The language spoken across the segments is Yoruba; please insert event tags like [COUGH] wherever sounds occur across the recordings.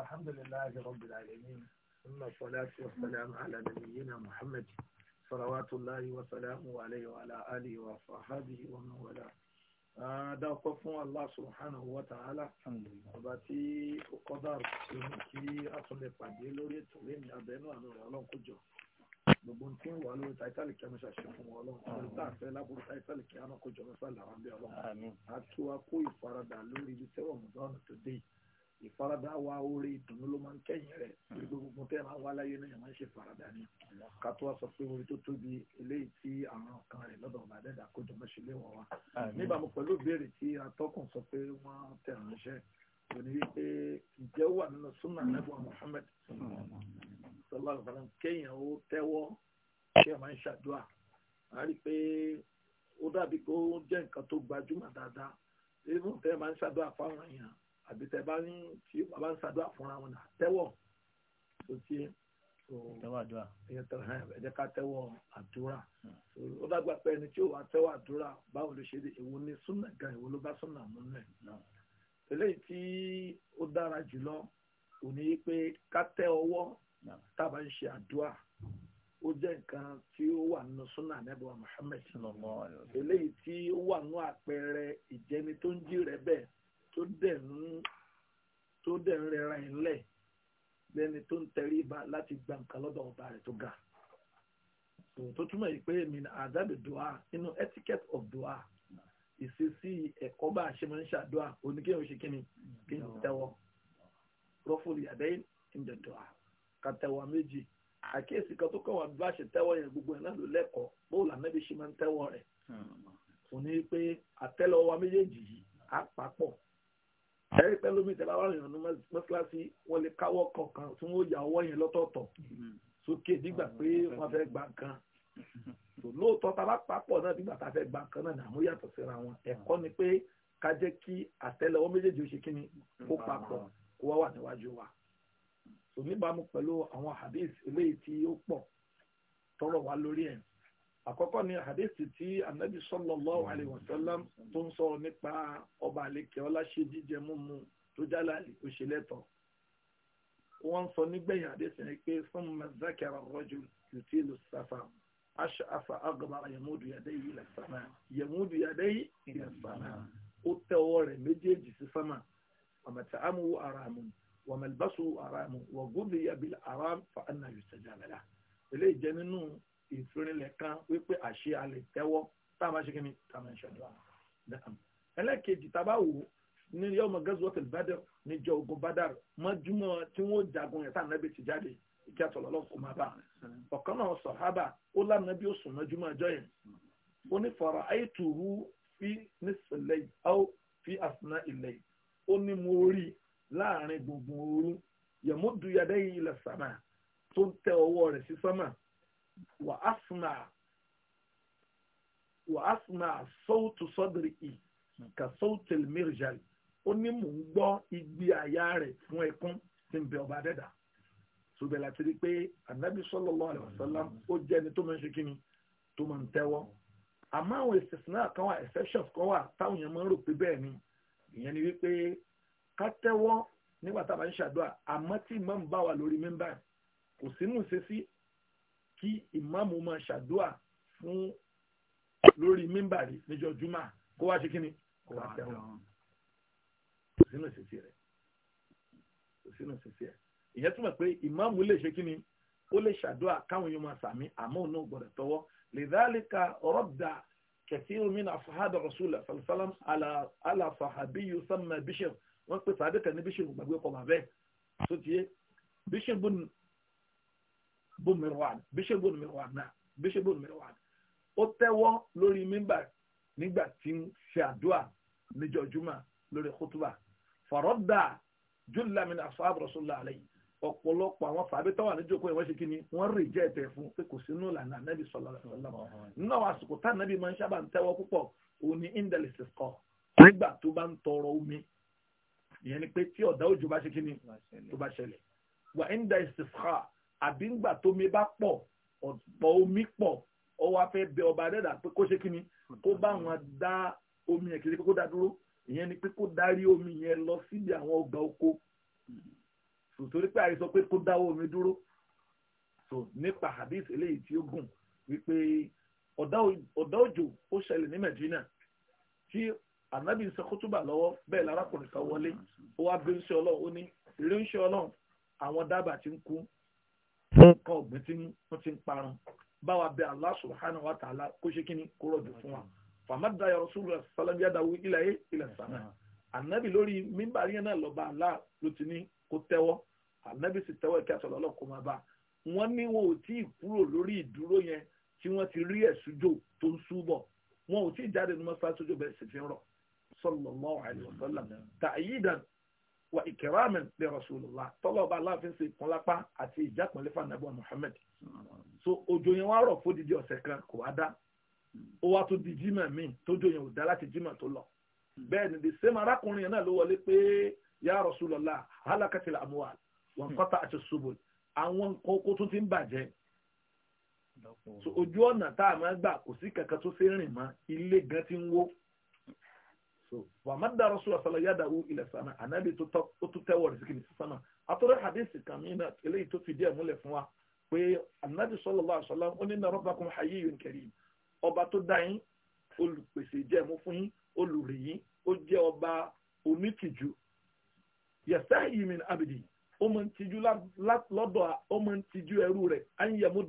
الحمد لله رب العالمين ثم الصلاة والسلام على نبينا محمد صلوات الله وسلامه عليه وعلى آله وصحبه ومن والاه dáwọ́pọ̀ fún Allah subhanahu wa ta'ala ọba tí ó kọ́dà ìmú kí a tún lè pàdé lórí ètò lẹ́nu abẹ́nú àmì ọ̀rọ̀ ọlọ́run kò jọ gbogbo tí ń wà lórí táítàlì kí a mọ̀ṣá ṣe fún ọlọ́run lórí táàfẹ́ lábúrú táítàlì kí a náà kò jọ mọ́ṣá làwọn bí ọlọ́run a tún wa kó ìfaradà lórí ibi tẹ́wọ̀n mọ́dọ́nù tó dé yìí ìfaradà wa orí ìdùnnú ló máa ń kẹ́yìn rẹ̀ gbogbo hmm. gbogbo tẹ́ máa wá láyé náà máa ń ṣe faradà ni ká tó wá sọ pé orí tó tóbi eléyìí tí àwọn kan rẹ̀ lọ́dọ̀ ọba dẹ́dà kó jọmọ́ ṣe léwọ̀ wa níbàámu pẹ̀lú ìbéèrè tí atọ́kùn sọ pé wọ́n tẹ̀ ránṣẹ́ òní wípé ìjẹ́ wà nínú sunnah nebà Muhammad sallallahu alaihi wasallam kéèyàn ó tẹ́wọ́ kéèyàn máa ń ṣàdúrà á rí i pé ó dàbí pé ó jẹ́ nǹkan tó gbajúmọ̀ dáadáa àbí tẹ bá ní tí bàbá ń ṣàdúrà fúnra wọn tó ti ẹ jẹ́ ká àdúrà hmm. ó dágbà pé ẹni tí ó wà àdúrà báwo ló ṣe dé èwo ni súnà gan èwo ló bá súnà mú nẹ hmm. eléyìí tí ó dára jùlọ kò ní pé ká tẹ ọwọ́ hmm. tábà ń ṣe àdúrà ó jẹ́ nǹkan tí ó wà nínú súnà eléyìí rẹ tó dẹ̀ ń tó dẹ̀ ń rẹra ẹ̀ lẹ̀ lẹ́ni tó ń tẹrí ba láti gba nǹkan lọ́dọ̀ ọba rẹ̀ tó ga tó túmọ̀ yìí pé mi àdábì dùá nínú etiquette of dùá ìṣesí ẹ̀kọ́ bá a ṣe máa ń ṣàdúà oníkéyàn ṣe kíni kí n tẹ́wọ́ rọ́fùlì àdéhìn ìjọ dùá ká tẹ́wọ́ méjì àkíyèsí kan tó kọ́ wà bá a ṣe tẹ́wọ́ yẹn gbogbo ẹ̀ náà ló lẹ́kọ̀ọ́ bóòlù ànábì ṣe máa ń tẹ́wọ́ rẹ̀ òní pé àtẹ́lẹwọ́ méjèèjì yìí á papọ̀ Ah. ẹ̀rí pẹ̀lú bíi tẹ̀lé àwọn èèyàn ní mọ́síláṣí wọ́n lè káwọ́ kọ̀ọ̀kan tí wọ́n yà ọwọ́ yẹn lọ́tọ̀ọ̀tọ̀ hmm. sókè nígbà pé ah, wọ́n fẹ́ gba nǹkan [LAUGHS] lóòótọ́ ta bá náà nígbà tá a fẹ́ gba nǹkan náà àmú yàtọ̀ síra wọn ah. ẹ̀kọ́ ni pé ká jẹ́ kí àtẹ́lẹwọ́ méjèèjì ó ṣe kí ni kó hmm. papọ̀ kó wá wà níwájú wa níbàámu pẹ̀lú àwọn hadith eléyìí tí ó pọ̀ tọrọ wa lórí ẹ̀ àkọ́kọ́ ni àdéhìí tí anabi sallallahu alaihi wasallam tó ń sọ̀rọ̀ nípa ọba àlekè ọlá ṣe jíjẹ múmu tó jálá òṣèlẹ́tọ̀ wọ́n sọ nígbẹ̀yìn àdéhìí yẹn pé fún mazakara rajul yutilu safa ash'afa agbára yamudu yadayhi ila sama yamudu yadayhi ila sama ó tẹ ọwọ́ rẹ̀ méjèèjì sí sama àmàtà amú aramu wàmẹ̀lbásù aramu wàgúdìyà bil fa anna yustajaba lah eléyìí jẹ́ nínú ìfirinlẹ̀ kan wípé àṣẹ alẹ̀ tẹ́wọ́ tá a bá ṣe kí ni tá a máa ń ṣàdúrà ẹlẹ́kejì tá a bá wò ní yọmọ gẹ́sùwọ́tì bàdàr níjọ ogun bàdàr mọ́júmọ́ tí wọ́n jagun yẹn tá a nàbẹ̀ ti jáde ìkẹ́ àtọ̀lọ́lọ́ kò máa bá ọ̀kan náà sàhábà ó lánàá bí ó sùn mọ́júmọ́ ọjọ́ yẹn ó ní fọ̀rọ̀ ayé tùrú fi nísìlẹ̀ yìí fi àsìnà ilẹ̀ yìí ó ní mo rí láàrin gbùngbùn ooru yẹ̀mú duyadẹ́yìn ilẹ̀ sàmà tó ń tẹ ọwọ́ rẹ̀ sí sánmà wà á sùnà wà á sùnà sọ́ọ̀tù sọ́dìrì ì kà sọ́ọ̀tù mìrìjàlì ó ní mò ń gbọ́ igbe àyà rẹ̀ fún ẹkún tí ń bẹ ọba dẹ́dà ṣùgbọ́n láti rí i pé anabi sallallahu alaihi ó jẹ́ ẹni tó máa ń ṣe kíni tó máa ń tẹ́wọ́ àmọ́ àwọn ìsẹ̀sìnà kan wà exceptions kan wà táwọn èèyàn máa ń rò pé bẹ́ẹ̀ ni ìyẹn ni wípé ká tẹ́wọ́ nígbà tá a bá ń ṣàdúrà àmọ́ tí ìmọ̀ ń bá wà lórí mẹ́mbà kò sínú ìṣesí kí ìmáàmù máa ṣàdúà fún lórí mímbàrí níjọ́ jùmọ̀ kó wá ṣe kí ni kó wá tẹ̀wọ̀n kò sínú ìṣesí rẹ̀ kò sínú ìṣesí rẹ̀ ìyẹn túmọ̀ pé ìmáàmù lè ṣe kí ni ó lè ṣàdúà káwọn èèyàn máa sàmì àmọ́ òun náà gbọ́dọ̀ tọwọ́ lidhalika radda kathiru min afahadu rasul sallam ala sahabi yusamma bishir wọ́n pè sàdékà ní bishir gbàgbé kọ̀ bó Mirwan bí ṣe gbóni Mirwan náà bí ṣe gbóni Mirwan ó tẹ́wọ́ lórí mímbà nígbà tí ń ṣe àdúrà níjọ́ juma lórí kútùbà fàrọ́dà júlá min ashab rasulullah alayhi ọ̀pọ̀lọpọ̀ àwọn fàbítọ́ wà níjókòó yẹn wọ́n ṣe kí wọ́n rè jẹ́ ẹ̀tẹ̀ fún pé kò sínú ìlànà anábì sallallahu alaihi wasallam nínú àwọn tá anábì máa ń sábà ń tẹ́wọ́ púpọ̀ òun ni indal istisqa nígbà tó bá ń tọrọ omi ìyẹn ni pé tí ọ̀dà òjò bá ṣe kí tó bá ṣẹlẹ̀ wà inda istisqa àbí ńgbà tómi bá pọ̀ ọ̀pọ̀ omi pọ̀ ó wá fẹ́ bẹ ọba dẹ́dà pé kó ṣe kí ni kó bá wọn dá omi yẹn kiri pé kó dá dúró ìyẹn ni pé kó darí omi yẹn lọ síbi àwọn ọgbà oko sòtórí pé àìsọ pé kó dáwọ́ omi dúró so nípa hadith eléyìí tí ó gùn wípé ọ̀dà òjò ó ṣẹlẹ̀ ní Medina tí anabi ń sọ kótóbà lọ́wọ́ bẹ́ẹ̀ lárakùnrin kan wọlé ó wá bí ń ṣe ọlọ́run ó ní eré ń ṣe ọlọ́run àwọn dábàá ti ń kú nǹkan ọ̀gbìn tí wọ́n ti ń parun báwa bẹ Allah subhanahu wa ta'ala kó ṣe kí ni kó rọ̀jò fún wa fàmádà yọrọ sùlù sàlámì àdáwò ilẹ̀ yé ilẹ̀ sàmà ànábì lórí mímbàrí yẹn náà lọ́ba Allah ló ti ní kó tẹ́wọ́ ànábì sì tẹ́wọ́ ìkẹ́ àtọ̀lọ́ ọlọ́kọ̀ máa bá wọ́n ní wọn ò tí ì kúrò lórí ìdúró yẹn tí wọ́n ti rí ẹ̀sùjò tó ń súbọ̀ wọn ò tí ì jáde ní mọ́sáàsójò bẹ́ẹ̀ sì fi ń rọ̀ sallallahu alaihi wasallam wa ìkẹràmì lè Rasulullah tọ́lọ̀ ọba aláàfin ṣe ìpọ́n lápá àti ìjápọ̀nlẹ́ fànàbọ̀ Muhammad so òjò yẹn wá rọ̀ fódìdí ọ̀sẹ̀ kan kò wá dá ó wá tó di jimá míì tójó yẹn ò dá láti jimá tó lọ bẹ́ẹ̀ ni the same arákùnrin yẹn náà ló wọlé pé ya Rasulullah halakatil amwal wọn kọ́ta àti subul àwọn nǹkan oko tó ti ń bàjẹ́ so ojú ọ̀nà tá a máa gbà kò sí kankan tó ṣe rìn mọ́ ilé gan ti ń wó so wà má dá rasul asala yàda wú ilẹ̀ sànà ànábì tó tún tẹ́wọ̀ rẹ̀ síkìlì sísànà àtúrẹ́ hadith kan mi náà eléyìí tó fìdí ẹ̀ múlẹ̀ fún wa pé ànábì sallallahu alaihi wasallam ó ní inna rabbakum hayyun karim ọba tó dá yín olùpèsè ìjẹ́mú fún yín olùrè yín ó jẹ́ ọba onítìjú yastahi min abdi ó máa ń tijú lọ́dọ̀ ó máa ń ẹrú rẹ̀ á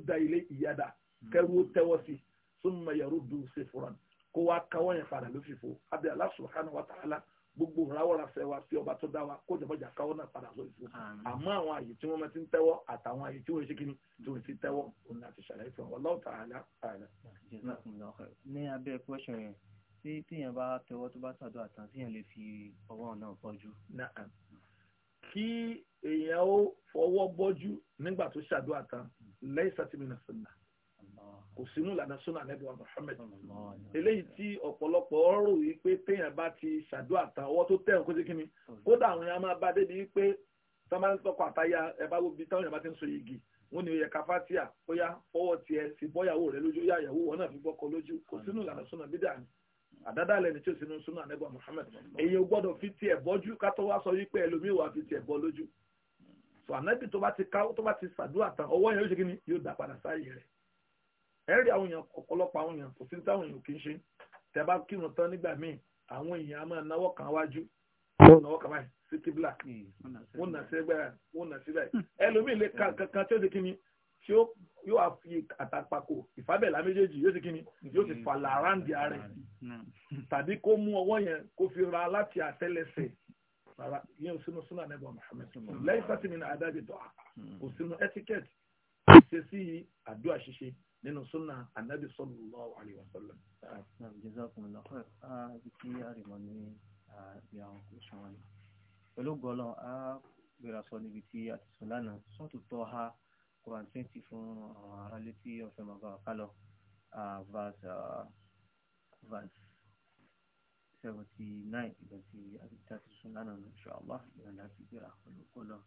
da ilé ìyàdá kẹrù ó tẹ́wọ́ sí summa yaruddu sifran kó wá káwọ́ yẹn padà lófìfo abẹ́ Allah subhanahu wa ta'ala gbogbo ìràwọ̀ra fẹ́ wa ọba tó dá wa kó jọmọjà káwọ́ náà padà lórí fún un àmọ́ àwọn àyè tí wọ́n ti ń tẹ́wọ́ àtàwọn àyè tí wọ́n ṣe kíni tí wọ́n ti tẹ́wọ́ òun láti ṣàlàyé fún wa lọ́wọ́ tààlà tààlà. ní abẹ́ pẹ́ṣọ̀ yẹn tí tíyẹn bá tẹ́wọ́ tó bá sàdó àtàn tíyẹn lè fi ọwọ́ náà bọ́jú. kí èèyàn ó fọwọ́ bọ́jú nígbà tó ṣàdó àtàn lẹ́yìn sátìmínà sunnah kò sínú ìlànà súnà nẹ́bí wa Muhammad eléyìí tí ọ̀pọ̀lọpọ̀ rò wípé téèyàn bá ti ṣàdúrà tán ọwọ́ tó tẹ̀ ń kó sí kínní kódà àwọn èèyàn máa bá débi wípé tọ́mọ tọkọ àtayá ẹ bá wọbi táwọn èèyàn bá ti ń so igi wọn ni oyè káfátíà bóyá fọwọ́ tiẹ̀ sí bọ́yàwó rẹ lójú yá ìyàwó wọn náà fi gbọ́kọ lójú kò sínú ìlànà súnà bídà ni àdádá lẹni tí ó sinú súnà nẹ́bí wa Muhammad èyí ò gbọ́dọ̀ fi tiẹ̀ bọ́jú kátó wá sọ wípé ẹlòmíì so ànábì tó bá ti ká tó bá ti ṣàdúrà tán ọwọ́ yẹn ẹ̀rí àwọn èèyàn ọ̀pọ̀lọpọ̀ àwọn èèyàn kò sí táwọn èèyàn kì í ṣe tẹ́ bá kírun tán nígbà míì àwọn èèyàn á máa náwó kan wájú wọ́n náwó kan báyìí sí kíbla wọ́n nà sí ẹgbẹ́ wọ́n nà sí báyìí ẹlòmíì lè ka kankan tí ó ti kí ni tí ó yóò á fi àtàpàkò ìfábẹ́lá méjèèjì yóò ti kí yóò ti fàlà aráǹdì ààrẹ tàbí kó mú ọwọ́ yẹn kó fi ra láti àtẹ́lẹsẹ̀ rárá yẹn sínú sínú ànẹ́bọ̀ lẹ́yìn sátìmí ní adájọ́ kò sínú etiquette ìṣesí àdúrà ṣíṣe nínú súnà ànábì sallallahu alaihi wasallam. jazakumullahu khair ibi tí a rè mọ ní ibi àwọn kòsàn wọn ni pẹ̀lú gọ́lọ́ a gbéra sọ níbi tí a ti sùn lánàá sọ́ọ̀tù tọ́ ha Quran twenty fún àwọn aráalé tí ọ̀fẹ́ máa bá wa ká ìgbà tí a ti sùn lánàá insha ìrìnàjò gbéra pẹ̀lú